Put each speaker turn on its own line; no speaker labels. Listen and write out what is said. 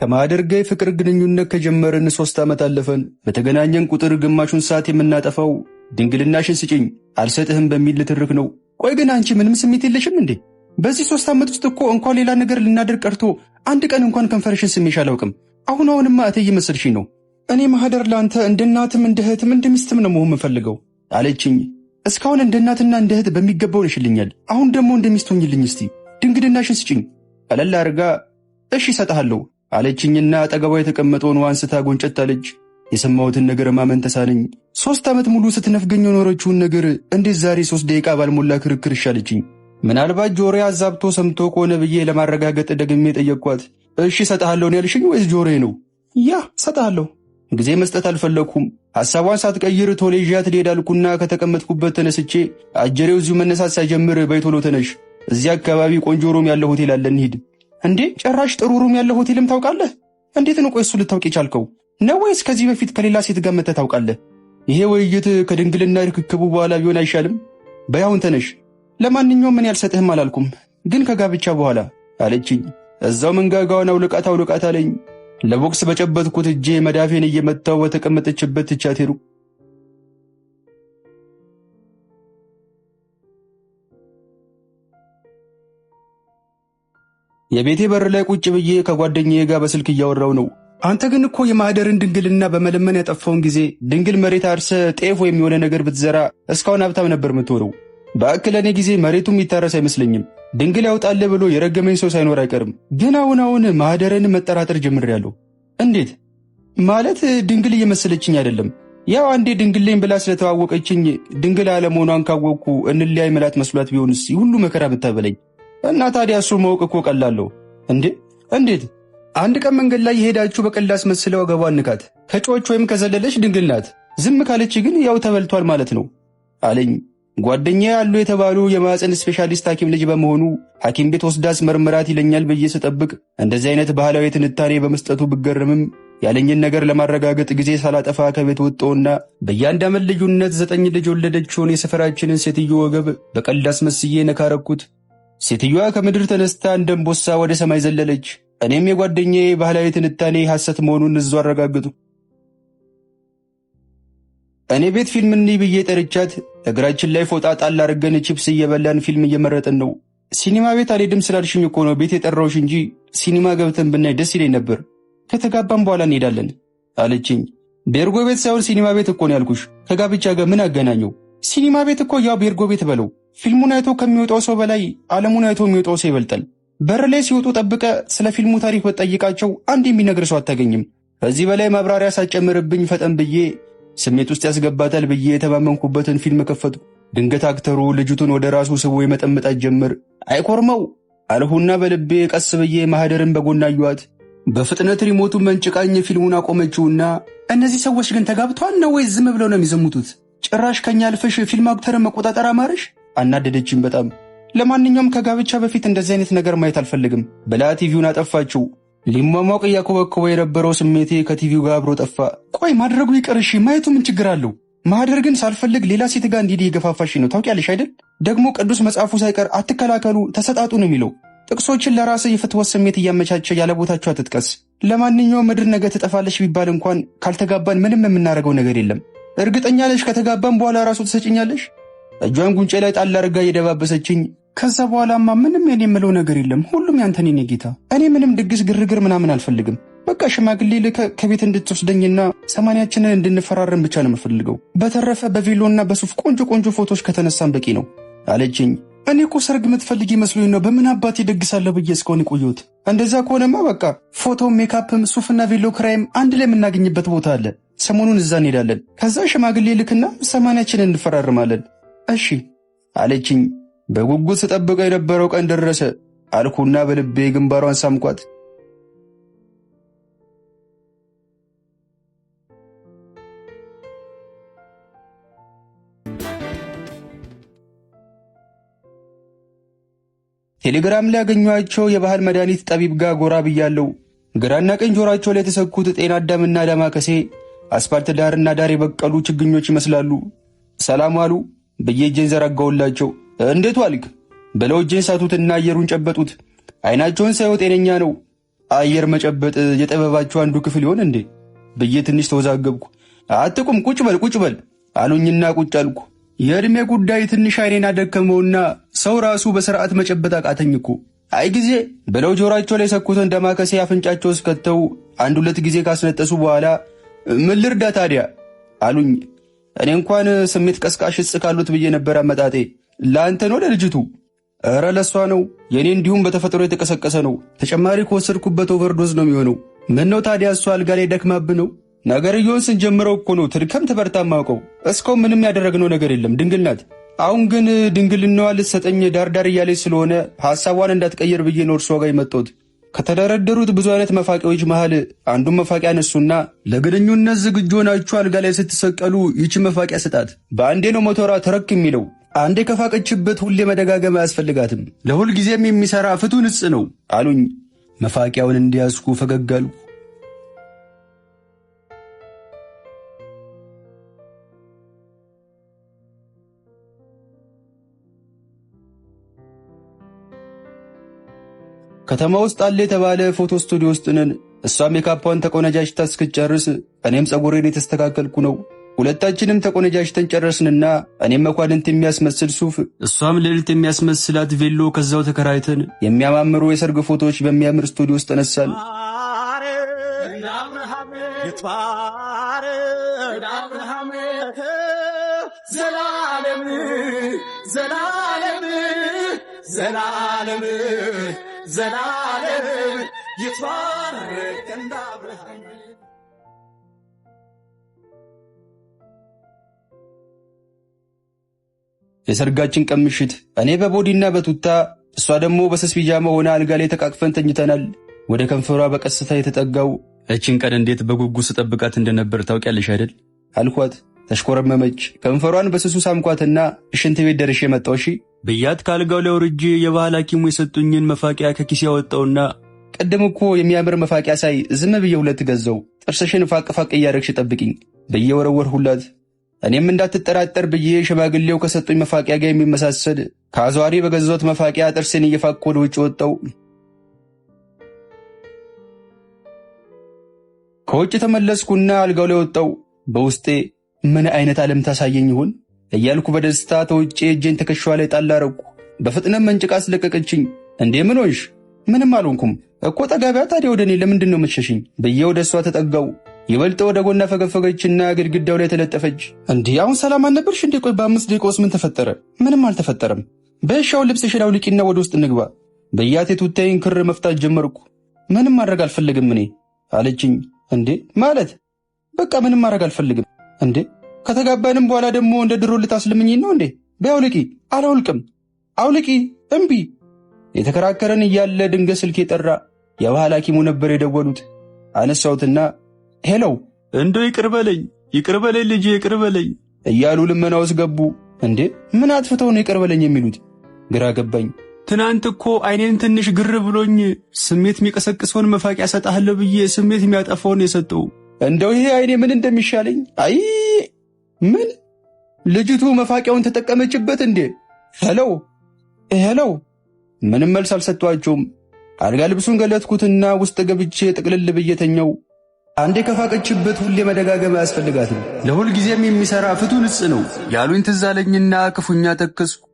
ከማህደር ጋር የፍቅር ግንኙነት ከጀመርን ሶስት ዓመት አለፈን። በተገናኘን ቁጥር ግማሹን ሰዓት የምናጠፋው ድንግልናሽን ስጭኝ አልሰጥህም በሚል ልትርክ ነው። ቆይ ግን አንቺ ምንም ስሜት የለሽም እንዴ? በዚህ ሶስት ዓመት ውስጥ እኮ እንኳን ሌላ ነገር ልናደርግ ቀርቶ አንድ ቀን እንኳን ከንፈርሽን ስሜሽ አላውቅም። አሁን አሁንማ እቴ እየመሰልሽኝ ነው። እኔ ማህደር ለአንተ እንደ እናትም እንደ እህትም እንደ ሚስትም ነው መሆን የምፈልገው አለችኝ። እስካሁን እንደ እናትና እንደ እህት በሚገባው ነሽልኛል። አሁን ደግሞ እንደ ሚስት ሆኝልኝ እስቲ ድንግልናሽን ስጭኝ ቀለል አድርጋ እሺ እሰጥሃለሁ አለችኝና አጠገቧ የተቀመጠውን ውሃ ጎንጨት አለች። የሰማሁትን ነገር ማመን ተሳነኝ። ሦስት ዓመት ሙሉ ስትነፍገኝ የኖረችውን ነገር እንዴት ዛሬ ሦስት ደቂቃ ባልሞላ ክርክር ይሻለችኝ? ምናልባት ጆሬ አዛብቶ ሰምቶ ከሆነ ብዬ ለማረጋገጥ ደግሜ ጠየቅኳት። እሺ ሰጠሃለሁ ነው ያልሽኝ ወይስ ጆሬ ነው?
ያ ሰጠሃለሁ።
ጊዜ መስጠት አልፈለግኩም። ሐሳቧን ሳትቀይር ቶሎ ይዣት ከተቀመጥኩበት ተነስቼ አጀሬው እዚሁ መነሳት ሳይጀምር በይ ተነሽ፣ እዚህ አካባቢ ቆንጆ ሮም ያለ ሆቴል አለ እንሂድ እንዴ ጭራሽ ጥሩ ሩም ያለው ሆቴልም ታውቃለህ? እንዴት ነው ቆይ እሱ ልታውቅ የቻልከው ነው ወይስ ከዚህ በፊት ከሌላ ሴት ጋር መተህ ታውቃለህ? ይሄ ውይይት ከድንግልና ርክክቡ በኋላ ቢሆን አይሻልም? በያሁን ተነሽ። ለማንኛውም ምን ያልሰጥህም አላልኩም፣ ግን ከጋብቻ በኋላ አለችኝ። እዛው መንጋጋውን አውልቃት አውልቃት አለኝ። ለቦክስ በጨበጥኩት እጄ መዳፌን እየመታው በተቀመጠችበት ትቻቴሩ የቤቴ በር ላይ ቁጭ ብዬ ከጓደኛዬ ጋር በስልክ እያወራው ነው። አንተ ግን እኮ የማህደርን ድንግልና በመለመን ያጠፋውን ጊዜ ድንግል መሬት አርሰ ጤፍ ወይም የሆነ ነገር ብትዘራ እስካሁን ሀብታም ነበር የምትሆነው። በአክ ለእኔ ጊዜ መሬቱም ይታረስ አይመስለኝም። ድንግል ያውጣል ብሎ የረገመኝ ሰው ሳይኖር አይቀርም። ግን አሁን አሁን ማህደርን መጠራጠር ጀምሬያለሁ። እንዴት ማለት? ድንግል እየመሰለችኝ አይደለም። ያው አንዴ ድንግሌን ብላ ስለተዋወቀችኝ ድንግል አለመሆኗን ካወቅኩ እንለያይ መላት መስሏት ቢሆንስ ሁሉ መከራ ብታበለኝ እና ታዲያ እሱ ማወቅ እኮ ቀላለሁ እንዴ! እንዴት አንድ ቀን መንገድ ላይ የሄዳችሁ በቀልድ አስመስለው ወገቧ ንካት፣ ከጮች ወይም ከዘለለች ድንግል ናት፣ ዝም ካለች ግን ያው ተበልቷል ማለት ነው አለኝ። ጓደኛ ያሉ የተባሉ የማዕፀን ስፔሻሊስት ሐኪም ልጅ በመሆኑ ሐኪም ቤት ወስዳስ መርምራት ይለኛል ብዬ ስጠብቅ እንደዚህ አይነት ባህላዊ ትንታኔ በመስጠቱ ብገረምም ያለኝን ነገር ለማረጋገጥ ጊዜ ሳላጠፋ ከቤት ወጣሁና በየአንድ ልጁነት ልዩነት ዘጠኝ ልጅ ወለደችውን የሰፈራችንን ሴትዮ ወገብ በቀልድ አስመስዬ ነካረኩት። ሴትዮዋ ከምድር ተነስታ እንደ እምቦሳ ወደ ሰማይ ዘለለች። እኔም የጓደኛዬ ባህላዊ ትንታኔ ሐሰት መሆኑን እዙ አረጋግጡ። እኔ ቤት ፊልም እንይ ብዬ ጠርቻት እግራችን ላይ ፎጣ ጣል አድርገን ቺፕስ እየበላን ፊልም እየመረጥን ነው። ሲኒማ ቤት አልሄድም ስላልሽኝ እኮ ነው ቤት የጠራውሽ እንጂ ሲኒማ ገብተን ብናይ ደስ ይለኝ ነበር። ከተጋባም በኋላ እንሄዳለን አለችኝ። ቤርጎ ቤት ሳይሆን ሲኒማ ቤት እኮ ነው ያልኩሽ። ከጋብቻ ጋር ምን አገናኘው? ሲኒማ ቤት እኮ ያው ቤርጎ ቤት በለው ፊልሙን አይቶ ከሚወጣው ሰው በላይ ዓለሙን አይቶ የሚወጣው ሰው ይበልጣል። በር ላይ ሲወጡ ጠብቀ ስለ ፊልሙ ታሪክ በጠይቃቸው አንድ የሚነግር ሰው አታገኝም። ከዚህ በላይ ማብራሪያ ሳጨምርብኝ ፈጠን ብዬ ስሜት ውስጥ ያስገባታል ብዬ የተማመንኩበትን ፊልም ከፈቱ። ድንገት አክተሩ ልጅቱን ወደ ራሱ ስቦ የመጠመጣት ጀምር አይኮርመው አልሁና በልቤ ቀስ ብዬ ማህደርን በጎና አዩዋት። በፍጥነት ሪሞቱን መንጭቃኝ ፊልሙን አቆመችውና እነዚህ ሰዎች ግን ተጋብተዋል ነው ወይስ ዝም ብለው ነው የሚዘሙቱት? ጭራሽ ከኛ አልፈሽ ፊልም አክተርን መቆጣጠር አማርሽ አናደደችኝ በጣም። ለማንኛውም ከጋብቻ በፊት እንደዚህ አይነት ነገር ማየት አልፈልግም ብላ ቲቪውን አጠፋችው። ሊሟሟቅ እያኮበኮበ የነበረው ስሜቴ ከቲቪው ጋር አብሮ ጠፋ። ቆይ ማድረጉ ይቅር ማየቱ ምን ችግር አለው? ማህደር ግን ሳልፈልግ ሌላ ሴት ጋር እንዲህ የገፋፋሽ ነው ታውቂያለሽ አይደል? ደግሞ ቅዱስ መጽሐፉ ሳይቀር አትከላከሉ፣ ተሰጣጡ ነው የሚለው። ጥቅሶችን ለራስህ የፍትወት ስሜት እያመቻቸ ያለ ቦታቸው አትጥቀስ። ለማንኛውም ምድር ነገ ትጠፋለች ቢባል እንኳን ካልተጋባን ምንም የምናደርገው ነገር የለም። እርግጠኛ ነሽ ከተጋባን በኋላ ራሱ ትሰጭኛለሽ? እጇን ጉንጬ ላይ ጣል አድርጋ እየደባበሰችኝ ከዛ በኋላማ ምንም የኔ የምለው ነገር የለም። ሁሉም ያንተን የኔ ጌታ። እኔ ምንም ድግስ፣ ግርግር ምናምን አልፈልግም። በቃ ሽማግሌ ልከ ከቤት እንድትወስደኝና ሰማንያችንን እንድንፈራረም ብቻ ነው የምፈልገው። በተረፈ በቬሎና በሱፍ ቆንጆ ቆንጆ ፎቶዎች ከተነሳን በቂ ነው አለችኝ። እኔ እኮ ሰርግ የምትፈልግ ይመስሉኝ ነው በምን አባቴ ደግሳለሁ ብዬ እስከሆን የቆየሁት። እንደዛ ከሆነማ በቃ ፎቶም፣ ሜካፕም፣ ሱፍና ቬሎ ክራይም አንድ ላይ የምናገኝበት ቦታ አለ። ሰሞኑን እዛ እንሄዳለን። ከዛ ሽማግሌ ልክና ሰማንያችንን እንፈራርማለን። እሺ አለችኝ። በጉጉት ስጠብቀው የነበረው ቀን ደረሰ አልኩና በልቤ ግንባሯን ሳምኳት። ቴሌግራም ላይ ያገኟቸው የባህል መድኃኒት ጠቢብ ጋር ጎራ ብያለው። ግራና ቀኝ ጆሯቸው ላይ የተሰኩት ጤና አዳምና ዳማከሴ አስፋልት ዳርና ዳር የበቀሉ ችግኞች ይመስላሉ። ሰላም አሉ። ብዬ እጄን ዘረጋውላቸው። እንዴት ዋልክ ብለው እጄን ሳቱትና አየሩን ጨበጡት። አይናቸውን ሳየው ጤነኛ ነው፣ አየር መጨበጥ የጥበባቸው አንዱ ክፍል ይሆን እንዴ ብዬ ትንሽ ተወዛገብኩ። አትቁም፣ ቁጭ በል ቁጭ በል አሉኝና ቁጭ አልኩ። የዕድሜ ጉዳይ ትንሽ አይኔን አደከመውና ሰው ራሱ በስርዓት መጨበጥ አቃተኝ እኮ አይ ጊዜ ብለው ጆሮአቸው ላይ ሰኩትን እንደማከሴ አፍንጫቸው እስከተው አንድ ሁለት ጊዜ ካስነጠሱ በኋላ ምን ልርዳ ታዲያ አሉኝ። እኔ እንኳን ስሜት ቀስቃሽ እጽ ካሉት ብዬ ነበር አመጣጤ። ለአንተ ነው ለልጅቱ? እረ ለእሷ ነው። የእኔ እንዲሁም በተፈጥሮ የተቀሰቀሰ ነው። ተጨማሪ ከወሰድኩበት ኦቨርዶዝ ነው የሚሆነው። ምን ነው ታዲያ እሷ አልጋ ላይ ደክማብ ነው? ነገርየውን ስንጀምረው እኮ ነው ትድከም ትበርታ ማውቀው። እስካሁን ምንም ያደረግነው ነገር የለም። ድንግል ናት። አሁን ግን ድንግልናዋ ልትሰጠኝ ዳርዳር እያለች ስለሆነ ሐሳቧን እንዳትቀይር ብዬ ነው እርሷ ጋር የመጣሁት። ከተደረደሩት ብዙ አይነት መፋቂያዎች መሃል አንዱን መፋቂያ ነሱና ለግንኙነት ዝግጁ ሆናችሁ አልጋ ላይ ስትሰቀሉ ይቺ መፋቂያ ስጣት። በአንዴ ነው ሞተሯ ተረክ የሚለው። አንዴ ከፋቀችበት ሁሌ መደጋገም አያስፈልጋትም። ለሁልጊዜም የሚሰራ ፍቱን እጽ ነው አሉኝ። መፋቂያውን እንዲያስኩ ፈገግ አልኩ። ከተማ ውስጥ አለ የተባለ ፎቶ ስቱዲዮ ውስጥ ነን። እሷ ሜካፓን ተቆነጃጅታ እስክትጨርስ እኔም ጸጉሬን የተስተካከልኩ ነው። ሁለታችንም ተቆነጃጅተን ጨረስንና እኔም መኳንንት የሚያስመስል ሱፍ፣ እሷም ልዕልት የሚያስመስላት ቬሎ ከዛው ተከራይተን የሚያማምሩ የሰርግ ፎቶዎች በሚያምር ስቱዲዮ ውስጥ ተነሳን። ዘላለም ዘላለም ዘላለም ዘላለም ይትባረክ እንደ አብርሃም የሰርጋችን ቀን ምሽት እኔ በቦዲና በቱታ እሷ ደግሞ በሰስ ፒጃማ ሆነ አልጋ ላይ ተቃቅፈን ተኝተናል። ወደ ከንፈሯ በቀስታ የተጠጋው እችን ቀን እንዴት በጉጉስ ስጠብቃት እንደነበር ታውቂያለሽ አይደል? አልኳት። ተሽኮረመመች። ከንፈሯን በስሱ ሳምኳትና ሽንት ቤት ደርሼ መጣሁ። እሺ ብያት ካልጋው ላይ ወርጄ የባህል ሐኪሙ የሰጡኝን መፋቂያ ከኪስ ያወጣውና ቀደም እኮ የሚያምር መፋቂያ ሳይ ዝም ብዬ ሁለት ገዘው ጥርስሽን ፋቅፋቅ እያደረግሽ ጠብቅኝ ብዬ ወረወርሁላት። እኔም እንዳትጠራጠር ብዬ ሽማግሌው ከሰጡኝ መፋቂያ ጋር የሚመሳሰል ከአዟሪ በገዛሁት መፋቂያ ጥርስን እየፋቅ ወደ ውጭ ወጣው። ከውጭ ተመለስኩና አልጋው ላይ ወጣው። በውስጤ ምን አይነት ዓለም ታሳየኝ ይሆን? እያልኩ በደስታ ተውጬ እጄን ትከሻዋ ላይ ጣል አደረግኩ። በፍጥነት መንጭቃ አስለቀቀችኝ። እንዴ ምን ሆንሽ? ምንም አልሆንኩም እኮ ጠጋቢያ፣ ታዲያ ወደ እኔ ለምንድን ነው መሸሽኝ? ብዬ ወደ እሷ ተጠጋው። ይበልጥ ወደ ጎና ፈገፈገችና ግድግዳው ላይ ተለጠፈች። እንዲህ አሁን ሰላም አልነበርሽ እንዴ? ቆይ በአምስት ደቂቃ ውስጥ ምን ተፈጠረ? ምንም አልተፈጠረም። በእሻው ልብስ ሽናው ልቂና ወደ ውስጥ እንግባ ብያት የቱታዬን ክር መፍታት ጀመርኩ። ምንም ማድረግ አልፈልግም እኔ አለችኝ። እንዴ ማለት በቃ ምንም ማድረግ አልፈልግም እንዴ ከተጋባንም በኋላ ደግሞ እንደ ድሮ ልታስልምኝን ነው እንዴ? አውልቂ አላውልቅም፣ አውልቂ እምቢ። የተከራከረን እያለ ድንገት ስልክ የጠራ የባህል ሐኪሙ ነበር የደወሉት። አነሳውትና ሄለው፣
እንደው ይቅርበለኝ፣ ይቅርበለኝ ልጄ ይቅርበለኝ
እያሉ ልመና ውስጥ ገቡ። እንዴ ምን አጥፍተው ነው ይቅርበለኝ የሚሉት? ግራ ገባኝ።
ትናንት እኮ አይኔን ትንሽ ግር ብሎኝ ስሜት የሚቀሰቅሰውን መፋቅ ያሰጣለሁ ብዬ ስሜት የሚያጠፋውን የሰጠው
እንደው ይሄ አይኔ ምን እንደሚሻለኝ አይ ምን ልጅቱ መፋቂያውን ተጠቀመችበት እንዴ? ሄለው ሄለው። ምንም መልስ አልሰጧቸውም። አልጋ ልብሱን ገለጥኩትና ውስጥ ገብቼ ጥቅልል ብዬ አንዴ ከፋቀችበት ሁሌ መደጋገም አያስፈልጋትም። ለሁልጊዜም የሚሰራ ፍቱን ንጽ ነው ያሉኝ ትዝ አለኝና ክፉኛ ተከስኩ።